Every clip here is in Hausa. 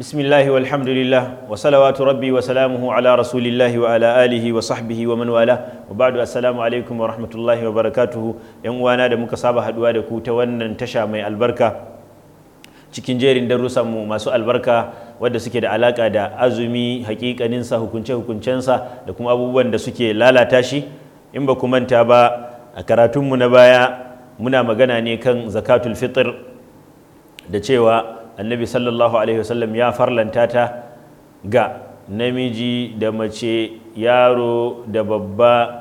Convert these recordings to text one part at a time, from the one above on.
بسم الله والحمد لله وصلوات ربي وسلامه على رسول الله وعلى آله وصحبه ومن والاه wa ba'du assalamu alaikum wa rahmatullahi wa barakatuhu yan uwana da muka saba haduwa da ku ta wannan tasha mai albarka cikin jerin darussan mu masu albarka wadda suke da alaka da azumi hakikaninsa hukunce hukuncensa da kuma abubuwan da suke lalata shi in ba ku manta ba a karatun mu na baya muna magana ne kan zakatul fitr da cewa annabi sallallahu alaihi wasallam ya farlanta ta ga namiji da mace yaro da babba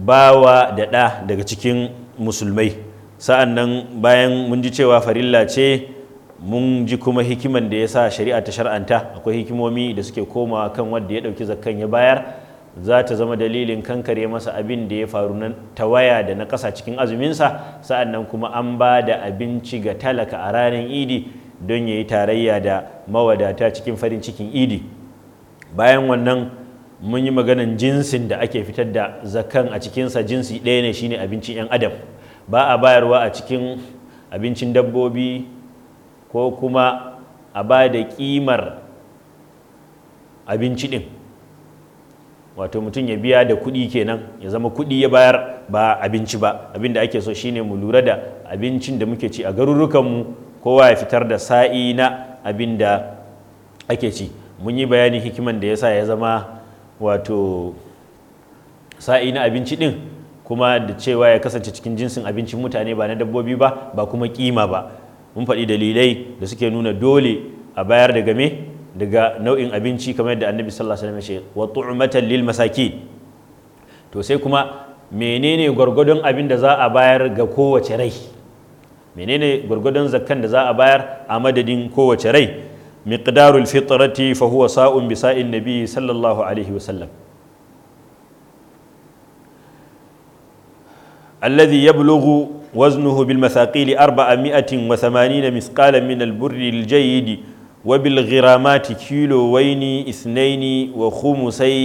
bawa da ɗa daga cikin musulmai sa'an nan bayan mun ji cewa farilla ce mun ji kuma hikiman da ya sa shari'a ta shar'anta akwai hikimomi da suke komawa kan wanda ya ɗauki zakkan ya bayar za ta zama dalilin kankare masa abin da ya faru na tawaya da na ƙasa cikin azuminsa sa'an nan kuma an ba da abinci ga talaka a ranar idi don ya yi tarayya da mawadata cikin farin cikin idi bayan wannan mun yi maganan jinsin da ake fitar da zakan a cikinsa jinsi ɗaya ne shine abincin 'yan adam ba a bayarwa a cikin abincin dabbobi ko kuma a ba da ƙimar abinci ɗin wato mutum ya biya da kuɗi kenan ya zama kuɗi ya bayar ba abinci ba abin da ake so shine mu lura da abincin da muke ci a garurukanmu kowa ya fitar da sa'i na abin da ake ci mun yi bayanin hikiman da ya sa ya zama wato sa'i na abinci din kuma da cewa ya kasance cikin jinsin abincin mutane ba na dabbobi ba ba kuma kima ba mun faɗi dalilai da suke nuna dole a bayar da game daga nau'in abinci kamar yadda annabi sallallahu alaihi wasallam wa lil masaki to sai kuma menene gwargwadon abin da za a bayar ga kowace rai menene gwargwadon zakkan da za a bayar a madadin kowace rai miqdarul fitrati fa huwa sa'un bi sa'in nabi sallallahu alaihi wasallam alladhi yablughu وزنه بالمثاقيل أربعمائة وثمانين مثقالا من البر الجيد وبالغرامات كيلوين اثنين وخمسي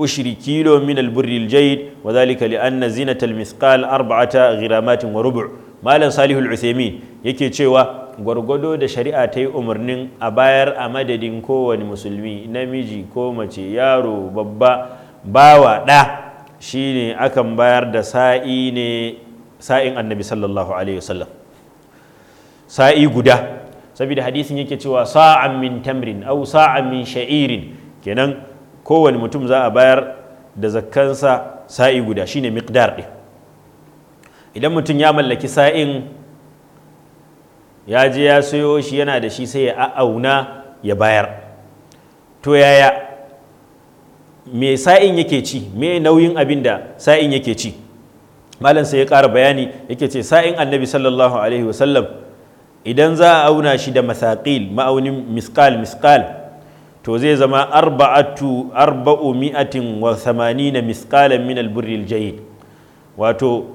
أشر كيلو من البر الجيد وذلك لأن زينة المثقال أربعة غرامات وربع مالا صالح العثيمين يكي تشيوا gwargwado da shari'a ta yi umarnin a bayar a madadin kowane musulmi namiji ko mace yaro babba bawa ɗa shine akan bayar da sa'i ne sa'in annabi sallallahu alaihi wasallam sa'i guda saboda hadisin yake cewa sa'an min tamrin au sa'an min sha'irin kenan kowane mutum za a bayar da zakkansa sa'i guda shine miqdar ɗin idan mutum ya mallaki sa'in ya je ya sayo shi yana da shi sai ya auna ya bayar to yaya me sa'in yake ci me nauyin abin da sa'in yake ci malam sai ya ƙara bayani yake ce sa'in annabi sallallahu alaihi wasallam idan za a auna shi da masaƙil ma'aunin miskal miskal to zai zama arba'atu arba'u mi'atin wa samanina miskalan min alburril jayid wato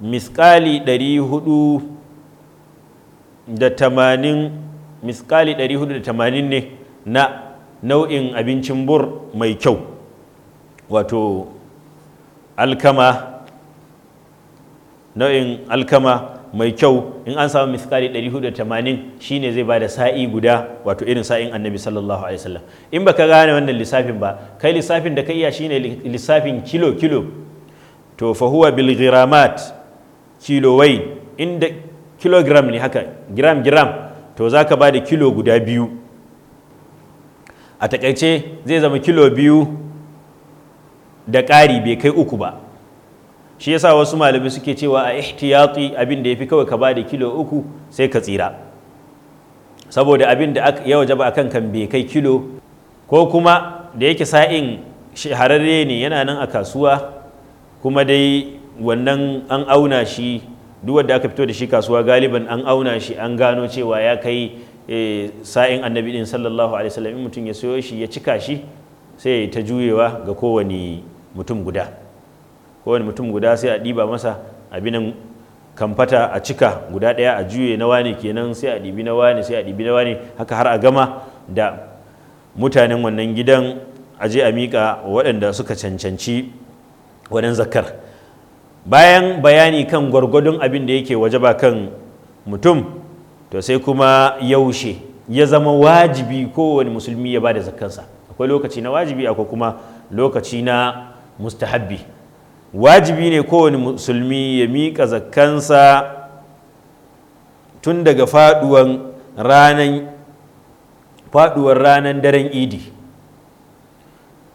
miskali ɗari hudu da tamanin miskali 480 ne na nau'in abincin bur mai kyau wato alkama nau'in alkama mai kyau in an samu miskali 480 shine zai ba da sa'i guda wato irin sa'in annabi sallallahu alaihi wasallam in baka gane wannan lissafin ba kai lissafin da ka iya shine lissafin kilo kilo to fa huwa bil ghiramat kilowai inda kilogram ne haka gram gram to za ka ba da kilo guda biyu a takaice zai zama kilo biyu da ƙari bai kai uku ba shi yasa wasu malami suke cewa a ihtiyati abin da ya fi kawai ka ba da kilo uku sai ka tsira saboda abin da ya waje ba akan kan bai kai kilo ko kuma da yake sa'in shahararre ne yana nan a kasuwa kuma dai wannan an auna shi duk wanda aka fito da shi kasuwa galiban an auna shi an gano cewa ya kai eh, sa'in annabi din sallallahu alaihi wasallam in mutum ya sayo shi ya cika shi sai ya ta juyewa ga kowane mutum guda kowane mutum guda sai a ɗiba masa abinan kamfata a cika guda ɗaya a juye na wane kenan sai a ɗibi na wane sai a ɗibi na wane haka har a gama da mutanen wannan gidan aje a miƙa waɗanda suka cancanci waɗannan zakar bayan bayani kan gwargwadon abin da yake waje ba kan mutum to sai kuma yaushe ya zama wajibi kowane musulmi ya ba da akwai lokaci na wajibi akwai kuma lokaci na mustahabbi wajibi ne kowane musulmi ya mika zakkansa tun daga faduwan ranan faɗuwar ranan daren idi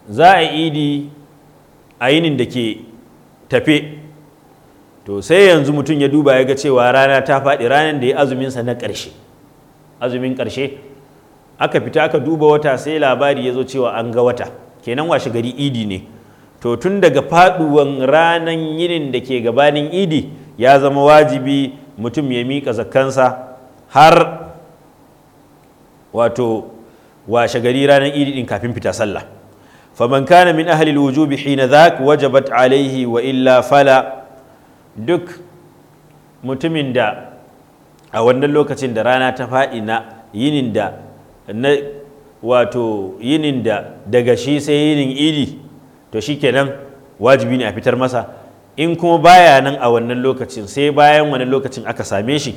za a idi a yinin da ke tafe to sai yanzu mutum ya duba ya ga cewa rana ta faɗi ranar da ya azuminsa na ƙarshe azumin ƙarshe aka fita aka duba wata sai labari ya zo cewa an ga wata kenan washe gari idi ne to tun daga faɗuwan ranar yinin da ke gabanin idi ya zama wajibi mutum ya miƙa zakkansa har wato washe gari ranar idi ɗin kafin fita sallah faman kana min ahalil wujubi hina dhak wajabat alaihi wa illa fala duk mutumin da a wannan lokacin da rana ta faɗi na yinin da na wato yinin da daga shi sai yinin idi to shi kenan wajibi ne a fitar masa in kuma baya nan a wannan lokacin sai bayan wannan lokacin aka same shi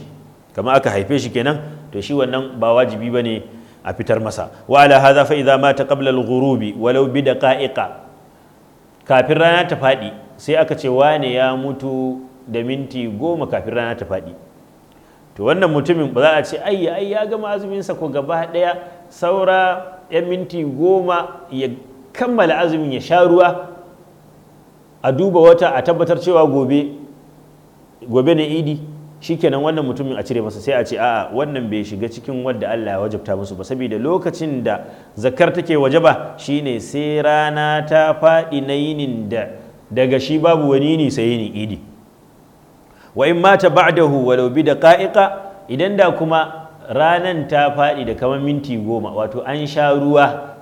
kamar aka haife shi kenan to shi wannan ba wajibi ba ne a fitar masa wa ala hadha fa idza mata qabla al-ghurubi walau bi daqa'iqa kafin rana ta faɗi sai aka ce wane ya mutu da minti goma kafin rana ta faɗi to wannan mutumin ba za a ce ai ai ya gama azuminsa ko gaba ɗaya saura yan minti goma ya kammala azumin ya sha ruwa a duba wata a tabbatar cewa gobe gobe ne idi shikenan wannan mutumin a cire masa sai a ce a'a wannan bai shiga cikin wadda Allah ya wajabta musu ba saboda lokacin da zakar take wajaba shine sai rana ta faɗi na yinin da daga shi babu wani ne sai yinin idi wa in mata ba'dahu walau bi daqa'iqa idan da kuma ranan ta faɗi da kamar minti goma wato an sha ruwa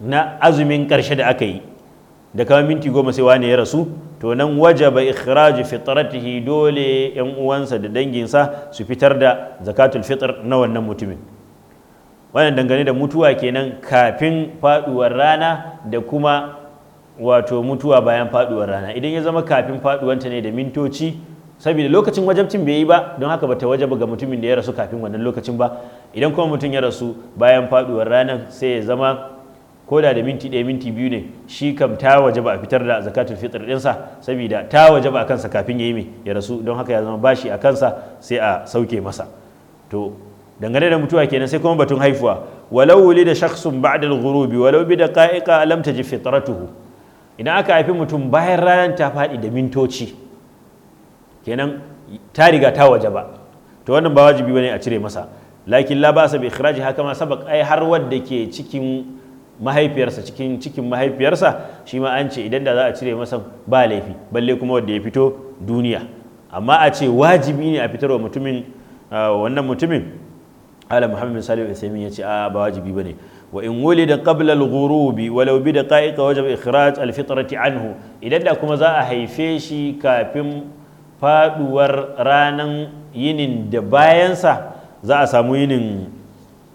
na azumin ƙarshe da aka yi da kamar minti goma sai wani ya rasu to nan wajaba ikhraju fitratihi dole yan uwansa da danginsa su fitar da zakatul fitr na wannan mutumin wannan dangane da mutuwa kenan kafin faduwar rana da kuma wato mutuwa bayan faduwar rana idan ya zama kafin faduwanta ne da mintoci saboda lokacin wajabcin bai yi ba don haka bata wajaba ga mutumin da ya rasu kafin wannan lokacin ba idan kuma mutum ya rasu bayan faduwar rana sai ya zama koda da minti ɗaya minti biyu ne shi kam ta wajaba a fitar da zakatul fitr ɗinsa saboda ta wajaba a kansa kafin ya yi mai ya rasu don haka ya zama bashi a kansa sai a sauke masa to dangane da mutuwa kenan sai kuma batun haifuwa walau wuli da shakhsun ba'da al-ghurubi walau bi da qa'iqa lam tajib fitratuhu idan aka haifi mutum bayan ranar ta faɗi da mintoci kenan ta riga ta waje ba to wannan ba wajibi bane a cire masa lakin la ba sa bi ikhraji haka ma sabak ai har wanda ke cikin mahaifiyarsa cikin cikin mahaifiyarsa shi ma an ce idan da za a cire masa ba laifi balle kuma wanda ya fito duniya amma a ce wajibi ne a fitarwa mutumin wannan mutumin ala muhammad salihu usaimin ya ce a ba wajibi bane gurubi walaubi da ka'ika wajen ولو بدقائق وجب إخراج idan da kuma za a haife shi kafin faduwar ranan yinin da bayansa za a samu yinin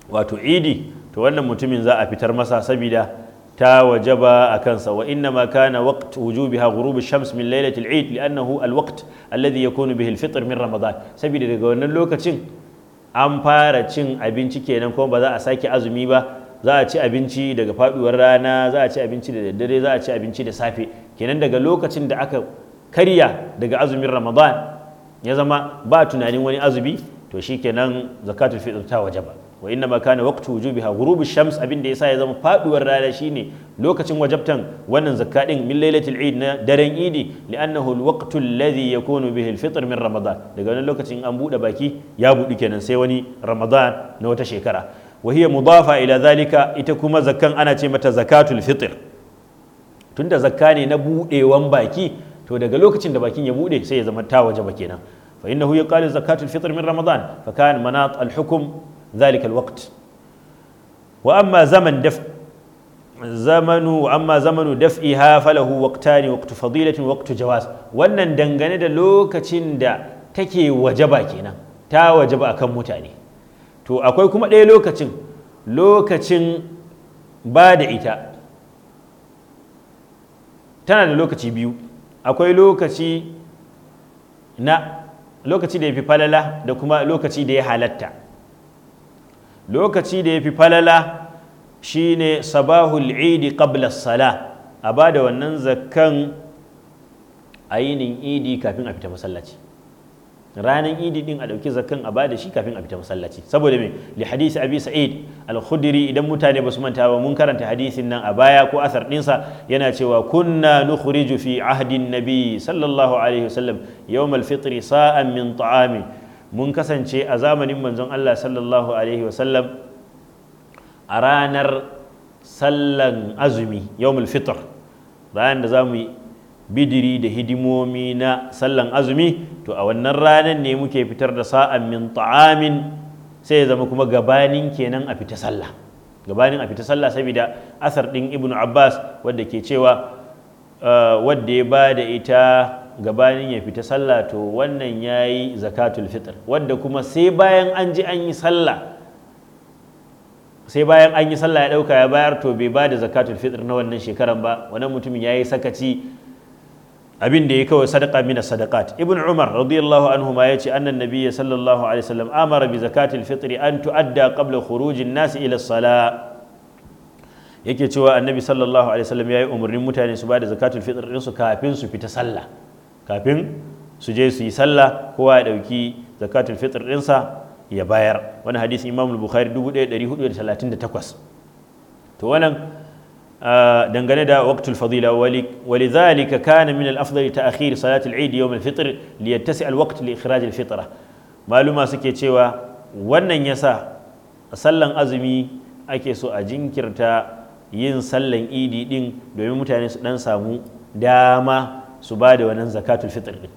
wato idi to wannan mutumin za a fitar masa sabida ta wajaba a kansa wa inna ma kana waqt wujubiha ghurub shams min lailatul eid li'annahu al-waqt alladhi yakunu bihi al-fitr min ramadan sabida daga wannan lokacin an fara cin abinci kenan kuma ba za a sake azumi ba za a ci abinci daga faduwar rana za a ci abinci da daddare za a ci abinci da safe kenan daga lokacin da aka karya daga azumin ramadan ya zama ba tunanin wani azumi to shikenan zakatul fitr ta ba. wa inna ma kana waqtu wujubiha ghurub shams abin da yasa ya zama faduwar rana shine lokacin wajabtan wannan zakka din min lailatul eid na daren idi li'annahu alwaqtu alladhi yakunu bihi alfitr min ramadan daga wannan lokacin an bude baki ya budu kenan sai wani ramadan na wata shekara wa hiya mudafa ila zalika ita kuma Zakan ana ce mata zakatul fitr tunda zakka ne na buɗewan baki to daga lokacin da bakin ya buɗe sai ya zama ta waje ba kenan fa innahu yuqalu zakatul fitr min ramadan fa kan manat al hukm zalika wa amma zaman daf zamanu amma zamanu daf'iha falahu fadilatin jawaz wannan dangane da lokacin da take waje ba kenan ta waje ba akan mutane to akwai kuma ɗaya lokacin lokacin ba da ita tana da lokaci biyu akwai lokaci na lokaci da ya fi falala da kuma lokaci da ya halatta lokaci da ya fi falala shine sabahul idi qabla sala a ba da wannan zakkan a idi kafin a fita masallaci ranar idi din a ɗauki zakan a bada shi kafin a fita masallaci saboda me li hadisi abi sa'id al-khudri idan mutane ba su manta ba mun karanta hadisin nan a baya ko asar dinsa yana cewa kunna nukhriju fi ahdin nabi sallallahu alaihi wasallam yawm al-fitr sa'an min ta'ami mun kasance a zamanin manzon Allah sallallahu alaihi wasallam a ranar sallan azumi yawm al-fitr ranar da zamu bidiri da hidimomi na sallan azumi to a wannan ranar ne muke fitar da sa'an min ta'amin sai ya zama kuma gabanin kenan a fita sallah gabanin a fita sallah saboda asar ɗin ibnu abbas wadda ke cewa ah, wadda ya ba da ita gabanin ya fita sallah to wannan ya yi zakatul fitr wadda kuma sai bayan an ji an yi sallah sai bayan an yi sallah ya ɗauka ya bayar to bai ba da zakatul fitr na wannan shekaran ba wannan mutumin ya yi sakaci abin da ya kawai sadaka mina sadakat ibn umar radiyallahu anhu ma yace annan nabiyya sallallahu alaihi wasallam amara bi zakatil fitri an tuadda qabla khurujin nasi ila sala yake cewa annabi sallallahu alaihi wasallam yayi umarnin mutane su bada zakatul fitr din su kafin su fita sallah kafin su je su yi sallah kowa ya dauki zakatul fitr din sa ya bayar wani hadisi imam al-bukhari 1438 to wannan dangane da waqtul fadila walidhalika kana min al-afdal ta'khir salat al-eid yawm al-fitr li fitra maluma suke cewa wannan yasa sallan azumi ake so a jinkirta yin sallan idi ɗin domin mutane su dan samu dama su ba da wannan zakatul fitr din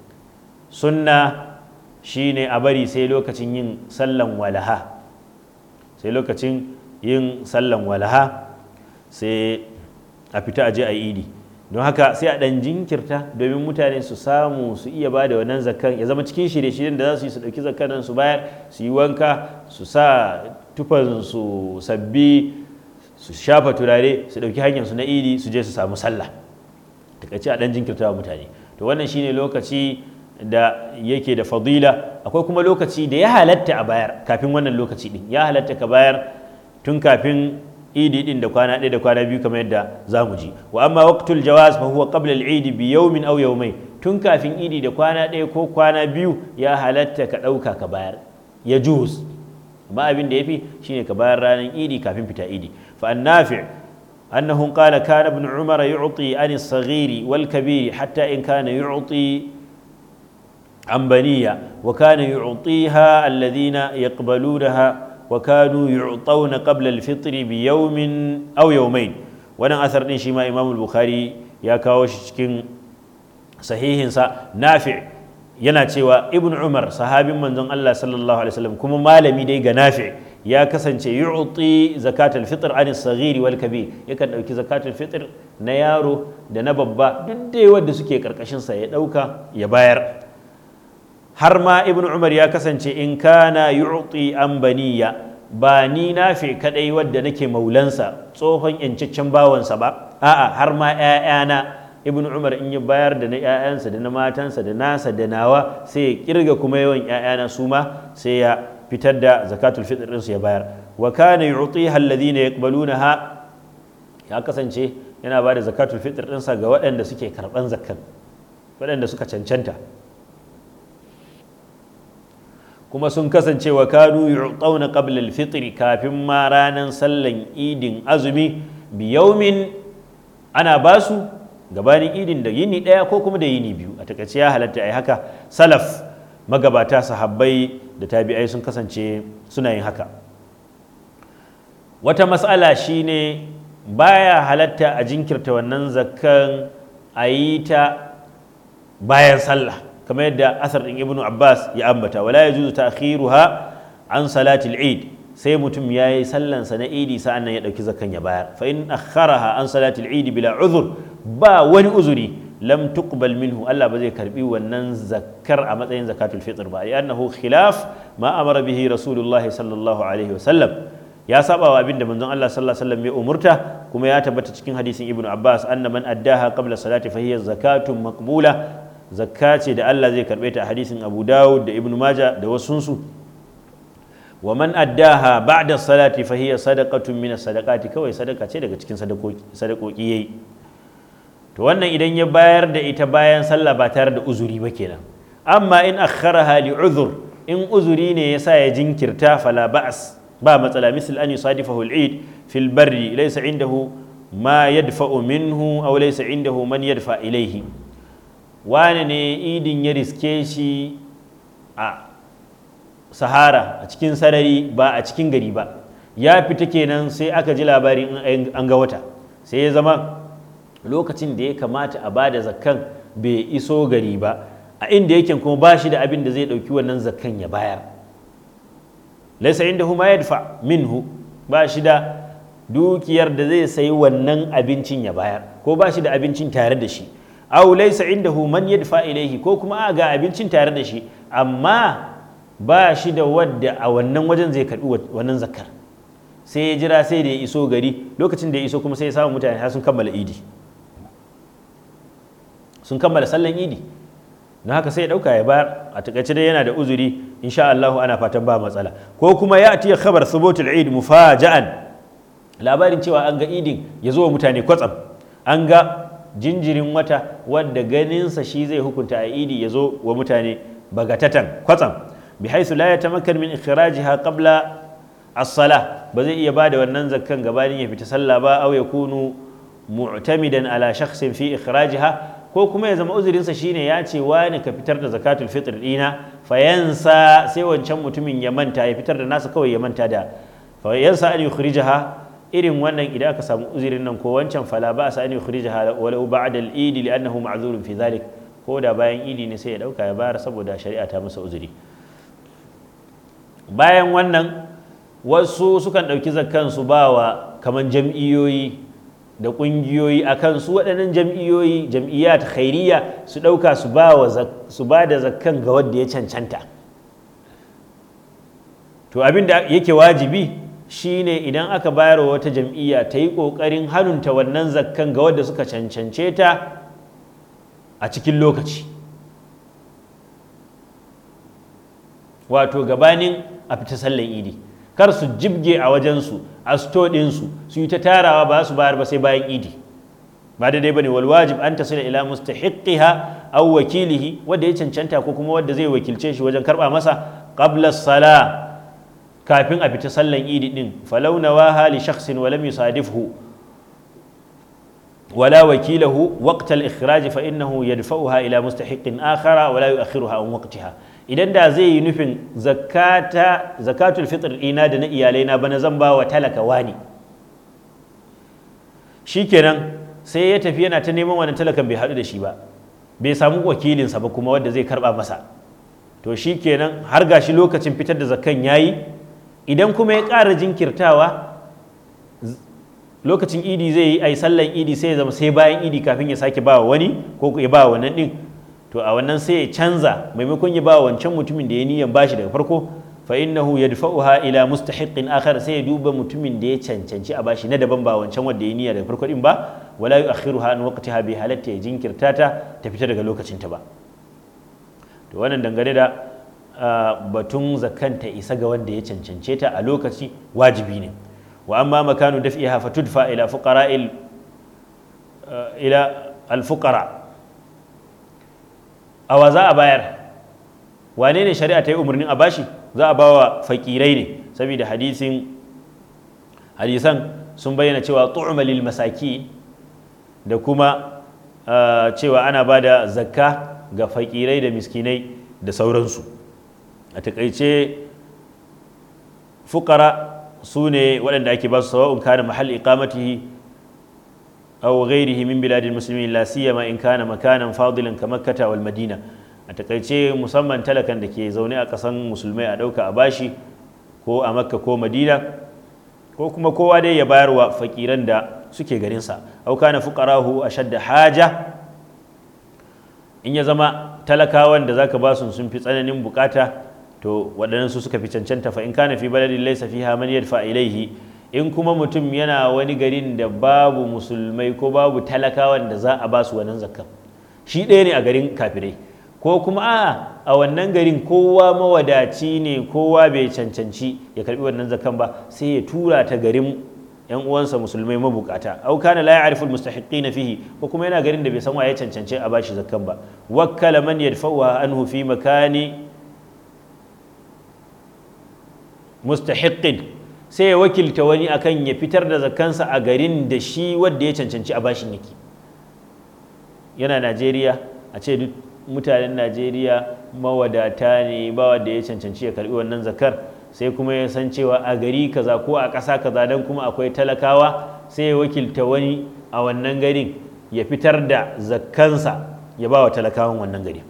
sunna shine a bari sai lokacin yin sallan walaha lokacin yin sallan walaha sai a fita aje a yi idi don haka sai a ɗan jinkirta domin mutane su samu su iya ba da wannan zakan ya zama cikin shirye-shiryen da za su yi su ɗauki zakanan su bayar su yi wanka su sa tufan su sabbi su shafa turare su ɗauki hanyar su na idi su je su samu sallah takaice a dan jinkirta wa mutane to wannan shine lokaci da yake da fadila akwai kuma lokaci da ya halatta a bayar kafin wannan lokaci din ya halatta ka bayar tun kafin idi din da kwana ɗaya da kwana biyu kamar yadda za mu ji wa amma waqtul jawaz fa huwa qabla al-eid bi yawmin aw yawmayn tun kafin idi da kwana ɗaya ko kwana biyu ya halatta ka ɗauka ka bayar ya juz amma abin da yafi shine ka bayar ranar idi kafin fita idi fa an-nafi' أنه قال كان ابن عمر يعطي عن الصغير والكبير حتى إن كان يعطي عن بنية وكان يعطيها الذين يقبلونها wa kanu yu'tawna qabla al-fitr bi yawmin aw yawmayn wannan asar din shi ma Imam al ya kawo shi cikin sahihinsa Nafi' yana cewa Ibn Umar sahabin manzon Allah sallallahu alaihi wasallam kuma malami dai ga Nafi' ya kasance yu'ti zakatul fitr anis saghiri wal kabir yakan ɗauki zakatul fitr na yaro da na babba duk dai wanda suke karkashin ya ɗauka ya bayar har ma ibn umar ya kasance in kana yu'ti an baniya ba ni nafi kadai wadda nake maulansa tsohon yancaccen bawansa ba a'a har ma 'ya'yana ibn umar in ya bayar da na 'ya'yansa da na matansa da nasa da nawa sai ya kirga kuma yawan 'ya'yana su ma sai ya fitar da zakatul fitr su ya bayar wa kana yu'tiha alladhina yaqbalunaha ya kasance yana ba da zakatul fitr sa ga waɗanda suke karban zakkan waɗanda suka cancanta kuma sun kasance wa kanu yi qabla al fitri kafin ma ranan sallan idin azumi biyaumin ana ana basu gabanin idin da yini ɗaya ko kuma da yini biyu a takaice ya halatta yi haka salaf magabata sahabbai da tabi'ai sun kasance suna yin haka wata matsala shine baya halatta a jinkirta wannan zakkan a yi ta bayan sallah kamar yadda asar din ibnu abbas ya ambata wala yajuzu ta'khiruha an salati al-eid sai mutum ya yi sallansa na idi sa'an nan ya ɗauki zakan ya bayar fa in akharaha an salati eid bila uzur ba wani uzuri lam tuqbal minhu Allah ba zai karbi wannan zakkar a matsayin zakatul fitr ba annahu khilaf ma amara bihi rasulullahi sallallahu alaihi wasallam ya saba wa abinda manzon Allah sallallahu alaihi wasallam ya umurta kuma ya tabbata cikin hadisin ibnu abbas anna man addaha qabla salati fa hiya zakatun maqbula zakka ce da Allah zai karɓe ta hadisin Abu Dawud da Ibn maja da wasunsu wa man addaha ba'da salati fa hiya sadaqatun min sadaqati kawai sadaka ce daga cikin sadakoki sadakoki yayi to wannan idan ya bayar da ita bayan sallah ba tare da uzuri ba kenan amma in akharaha li uzur in uzuri ne yasa ya jinkirta fala ba'as ba matsala misal an yusadifahu al-eid fil barri laysa indahu ma yadfa'u minhu aw laysa indahu man yadfa ilayhi wane ne idin ya riske shi a sahara a cikin sarari ba a cikin gari ba ya fita kenan sai aka ji labarin an ga wata sai ya zama lokacin da ya kamata a ba da zakkan bai iso gari ba a inda yake kuma ba shi da abin da zai ɗauki wannan zakan ya bayar laisa inda huma yadfa minhu ba shi da dukiyar da zai sayi wannan abincin ya bayar ko ba shi da abincin tare da shi aw inda indahu man yadfa ilayhi ko kuma a ga abincin tare da shi amma ba shi da wadda a wannan wajen zai karbi wannan zakar sai ya jira sai da ya iso gari lokacin da ya iso kuma sai ya samu mutane har sun kammala idi sun kammala sallan idi na haka sai ya ɗauka ya bayar a takaice dai yana da uzuri insha Allah ana fatan ba matsala ko kuma ya atiya khabar thubutul eid mufaja'an labarin cewa an ga idin ya zo wa mutane kwatsam an ga jinjirin wata wadda ganinsa shi zai hukunta a idi ya zo wa mutane bagatatan kwatsam bi haisu la yatamakkan min kabla qabla as-sala ba zai iya bada wannan zakkan gabanin ya fita sallah ba aw kunu mu'tamidan ala shakhsin fi ikhrajiha ko kuma ya zama uzurinsa shine ya ce wani ka fitar da zakatul fitr dina fayansa sai wancan mutumin ya manta ya fitar da nasa kawai ya manta da fayansa an yukhrijaha irin wannan idan aka samu uzurin nan ko wancan fala ba sa an yukhrija wala ba'da al-eid li'annahu ma'zurun fi zalik ko da bayan idi ne sai ya dauka ya bara saboda shari'a ta masa uzuri bayan wannan wasu sukan dauki zakkan su bawa kaman jam'iyoyi da kungiyoyi akan su waɗannan jam'iyoyi jam'iyyat khairiyya su dauka su bawa su ba da zakkan ga wanda ya cancanta to abin da yake wajibi shine idan aka bayar wa wata jam'iyya ta yi ƙoƙarin hannunta wannan zakkan ga wadda suka cancance ta a cikin lokaci wato gabanin a fita sallan idi kar su jibge a wajensu a sto su yi ta tarawa ba su bayar ba sai bayan idi ba daidai bane ne wajib an ta ila ha au wakilihi wadda ya cancanta ko kuma wadda zai wakilce shi wajen karɓa masa ƙablas sala. kafin a fita sallan idi din falau nawaha li shakhsin wa lam yusadifhu wala wakilahu waqt al-ikhraj fa innahu yadfa'uha ila mustahiqin akhara wala la yu'akhiruha an waqtiha idan da zai yi nufin zakata zakatul fitr ina da na iyalai na bana zan ba wa talaka wani shikenan sai ya tafi yana ta neman wani talakan bai hadu da shi ba bai samu wakilinsa ba kuma wanda zai karba masa to shikenan har gashi lokacin fitar da zakan yayi idan kuma ya ƙara jinkirtawa lokacin idi zai yi a yi sallan idi sai zama sai bayan idi kafin ya sake ba wani ko ya ba wannan ɗin to a wannan sai ya canza maimakon ya ba wancan mutumin da ya niyan bashi daga farko fa innahu yadfa'uha ila mustahiqin akhar sai ya duba mutumin da ya cancanci a bashi na daban ba wancan wanda ya niyya daga farko ɗin ba wala yu'akhiruha an waqtiha bi halatta ya jinkirta ta ta fita daga lokacin ta ba to wannan dangane da batun ta isa ga wanda ya cancance ta a lokaci wajibi ne wa amma makanu daf'iha tudfa ila fuqara eh, ila alfuqara awa za a bayar wane ne shari'a ta yi umarnin a bashi za a bawa fakirai ne saboda hadisin hadisan sun bayyana cewa tu'ma lil masaki da kuma eh, cewa ana ba da zakka ga fakirai da miskinai da sauransu a takaice fukara su ne waɗanda ake ba su sawa'un kana mahal iqamatihi aw ghairihi min biladil muslimin la siyama in kana makanan fadilan ka makkata wal madina a takaice musamman talakan da ke zaune a ƙasan musulmai a ɗauka a bashi ko a makka ko madina ko kuma kowa dai ya bayarwa fakiran da suke garinsa au kana fuqarahu ashadda haja in ya zama talakawan da zaka basu sun fi tsananin bukata to waɗansu suka fi cancanta fa in kana fi baladin laysa fiha man yadfa ilaihi in kuma mutum yana wani garin da babu musulmai ko babu talakawan da za a ba wannan zakka shi ɗaya ne a garin kafirai ko kuma a'a a wannan garin kowa mawadaci ne kowa bai cancanci ya karbi wannan zakkan ba sai ya tura ta garin yan uwansa musulmai mabukata au kana la ya'riful almustahiqina fihi ko kuma yana garin da bai san waye cancance a bashi zakkan ba wakkala man yadfa'uha anhu fi makani mustahiqin sai ya wakilta wani akan ya fitar da zakansa a garin da shi wadda ya cancanci a bashin yake yana Najeriya a ce duk mutanen Najeriya mawadata ne ba wanda ya cancanci ya karbi wannan zakar sai kuma ya san cewa a gari kaza ko a ƙasa kaza don kuma akwai talakawa sai ya wakilta wani a wannan garin ya fitar da zakansa ya ba wa talakawan wannan garin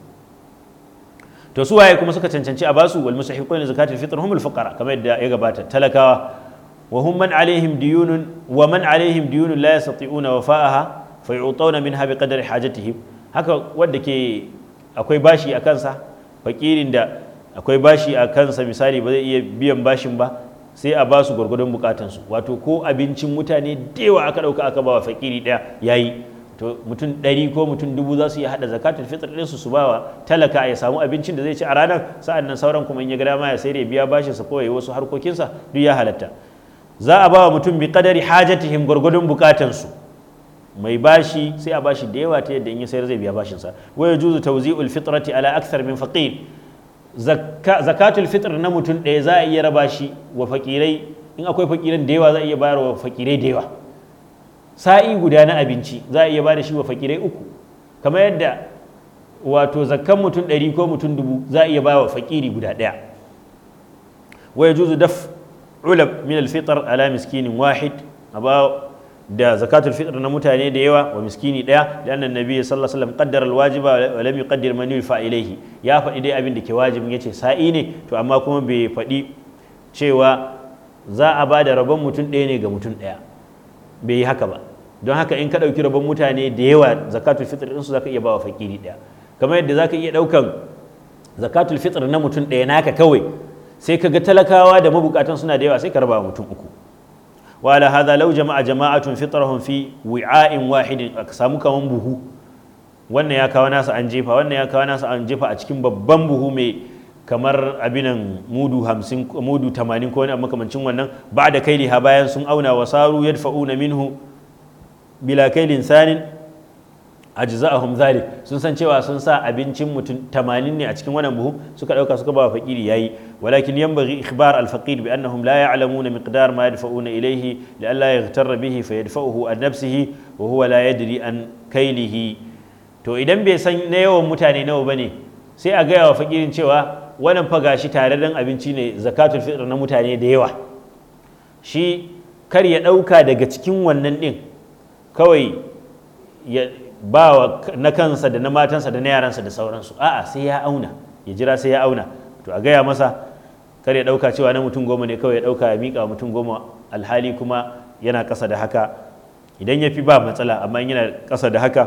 to su waye kuma suka cancanci a basu wal musahiqun zakatul fitr humul fuqara kamar yadda ya gabata talakawa wa hum man alaihim diyunun wa man alaihim diyunun la yastati'una wafa'aha fa yu'tawna minha biqadri hajatihim haka wanda ke akwai bashi a kansa fakirin da akwai bashi a kansa misali ba zai iya biyan bashin ba sai a basu gwargwadon bukatansu wato ko abincin mutane da yawa aka dauka aka ba wa fakiri daya yayi to mutum ɗari ko mutum dubu za su iya haɗa zakatul fitr ɗin su bawa talaka ya samu abincin da zai ci a ranar sa'an nan sauran kuma in ya gada ma ya sai da biya bashin sa ko ya wasu harkokinsa duk ya halatta za a bawa mutum bi qadari hajatihim gwargwadon bukatansu mai bashi sai a bashi da yawa ta yadda in ya sayar zai biya bashin sa wa yajuzu tawzi'ul fitrati ala akthar min faqir zakatul fitr na mutum ɗaya za a iya raba shi wa fakirai in akwai fakiran da yawa za a iya bayarwa fakirai da yawa sa'i guda na abinci za a iya ba da shi wa fakirai uku kamar yadda wato zakkan mutum ɗari ko mutum dubu za a iya ba wa fakiri guda ɗaya wa ya juzu daf ulab min alfitar ala miskinin wahid a ba da zakatul fitr na mutane da yawa wa miskini ɗaya da annan nabi sallallahu alaihi wasallam qaddara alwajiba wa lam yuqaddir man ilayhi ya faɗi dai abin da ke wajibin yace sa'i ne to amma kuma bai faɗi cewa za a ba da rabon mutum ɗaya ne ga mutum ɗaya bai yi haka ba don haka in ka ɗauki rabon mutane da yawa zakatul fitr ɗinsu za ka iya bawa fakiri ɗaya kamar yadda za ka iya ɗaukan zakatul fitr na mutum ɗaya naka kawai sai ka ga talakawa da mabukatan suna da yawa sai ka raba mutum uku wala hadha law jama'a jama'atun fitrahum fi wi'a'in wahidin ka samu kaman buhu wannan ya kawo nasa an jefa wannan ya kawo nasa an jefa a cikin babban buhu mai kamar abinan mudu hamsin mudu tamanin ko wani makamancin wannan ba da kai ha bayan sun auna wa saru yadfa'una minhu bila kailin sanin a zalik sun san cewa sun sa abincin mutum tamanin ne a cikin wannan buhu suka ɗauka suka ba fakiri yayi walakin yanbaghi ikhbar al bi annahum la ya'lamuna miqdar ma yadfa'una ilayhi li alla yaghtarra bihi fayadfa'uhu an nafsihi wa huwa la yadri an kailihi to idan bai san na yawan mutane nawa bane sai a gaya wa fakirin cewa wannan fa gashi dan abinci ne zakatul fitr na mutane da yawa shi kar ya ɗauka daga cikin wannan ɗin kawai ya ba wa na kansa da na matansa da na yaransa da sauransu a'a sai ya auna ya jira sai ya auna to a gaya masa kar ya ɗauka cewa na mutum goma ne kawai ya ɗauka ya miƙa mutum goma alhali kuma yana ƙasa da haka idan ya fi ba matsala amma yana ƙasa da haka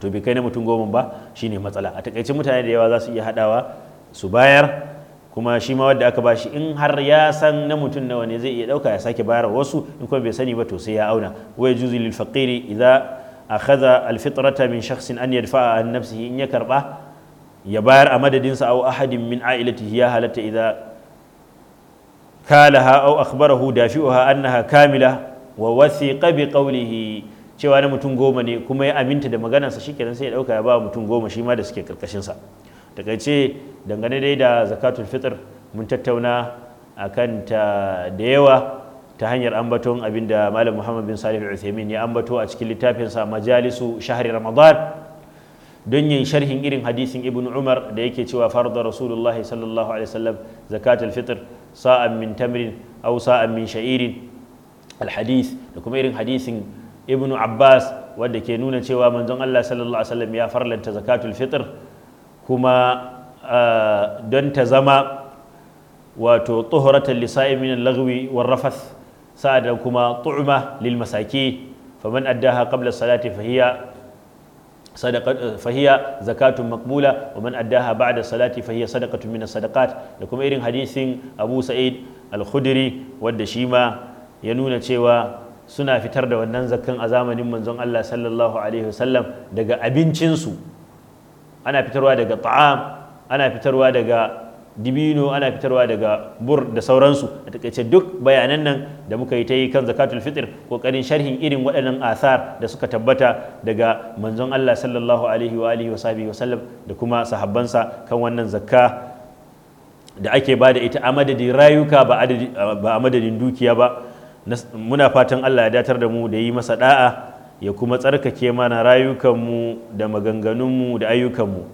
to bai kai na mutum goma ba shine matsala a takaice mutane da yawa za su iya haɗawa su bayar kuma shi ma wadda aka bashi in har ya san na mutum nawa ne zai iya dauka ya sake bayar wasu in kuma bai sani ba to sai ya auna wai juzu lil faqiri idza akhadha al fitrata min shakhsin an yadfa'a an nafsihi in ya karba ya bayar a madadin sa aw ahadin min a'ilatihi ya halatta idza kalaha aw akhbarahu dafi'uha annaha kamila wa wathiqa bi qawlihi cewa na mutum goma ne kuma ya aminta da maganarsa shikenan sai ya dauka ya ba mutum goma shi ma da suke karkashin sa ce dangane dai da zakatul fitr mun tattauna a kanta da yawa ta hanyar ambaton abin da malam muhammad bin salih al-uthaymin ya ambato a cikin littafinsa majalisu shahri ramadan don yin sharhin irin hadisin ibn umar da yake cewa farda rasulullahi sallallahu alaihi wasallam zakatul fitr sa'an min tamrin aw sa'an min sha'irin alhadis da kuma irin hadisin ibn abbas wanda ke nuna cewa manzon allah sallallahu alaihi wasallam ya farlanta zakatul fitr kuma ah, don ta zama wato tsohoratan lisa'i min lagwi war rafath sa'ada kuma tu'ma lil masaki faman addaha qabla salati fahiya sadaqat fahiya zakatun man addaha ba'da salati fahiya sadaqatun min sadaqat da kuma irin hadisin Abu Sa'id al-Khudri wanda shi ma ya nuna cewa suna fitar da wannan zakan a zamanin manzon Allah sallallahu daga abincinsu ana fitarwa daga ta'am ana fitarwa daga dibino ana fitarwa daga bur da sauransu a takaice duk bayanan nan da muka yi ta yi kan zakatul fitr kokarin sharhin irin waɗannan asar da suka tabbata daga manzon Allah sallallahu alaihi wa alihi wa sahbihi da kuma sahabbansa kan wannan zakka da ake ba da ita a madadin rayuka ba a madadin dukiya ba muna fatan Allah ya datar da mu da yi masa da'a ya kuma tsarkake mana rayukanmu da maganganunmu da ayyukanmu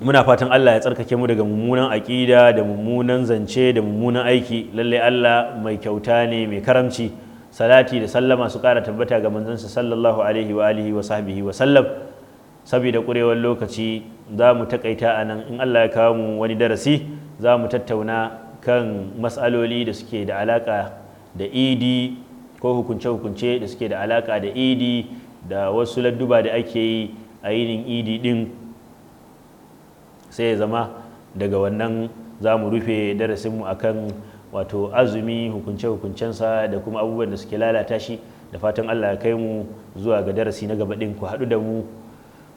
muna fatan Allah ya tsarkake mu daga mummunan aƙida da mummunan zance da mummunan aiki lalle Allah mai kyauta ne mai karamci salati da sallama su ƙara tabbata ga manzansa sallallahu alaihi wa alihi wa sahbihi wa sallam saboda ƙurewar lokaci za mu taƙaita a nan in Allah ya kawo mu wani darasi za mu tattauna kan matsaloli da suke da alaƙa da idi ko hukunce-hukunce da suke da alaka da idi da wasu ladduba da ake yi a yinin idi din sai ya zama daga wannan za mu rufe darasinmu akan wato azumi hukunce-hukuncensa da kuma abubuwan da suke lalata shi da fatan allah ya kai mu zuwa ga darasi na gaba ɗin ku haɗu da mu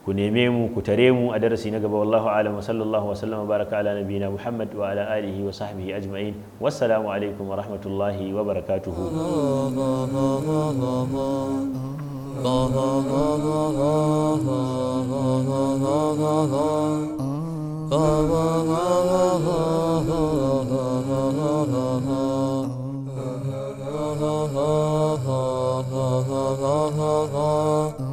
ku neme mu ku tare mu a darasi na gaba wallahu a'lam sallallahu wa sallama baraka ala nabiyina muhammad wa ala alihi wa sahbihi ajma'in wassalamu alaikum wa rahmatullahi wa barakatuhu Oh,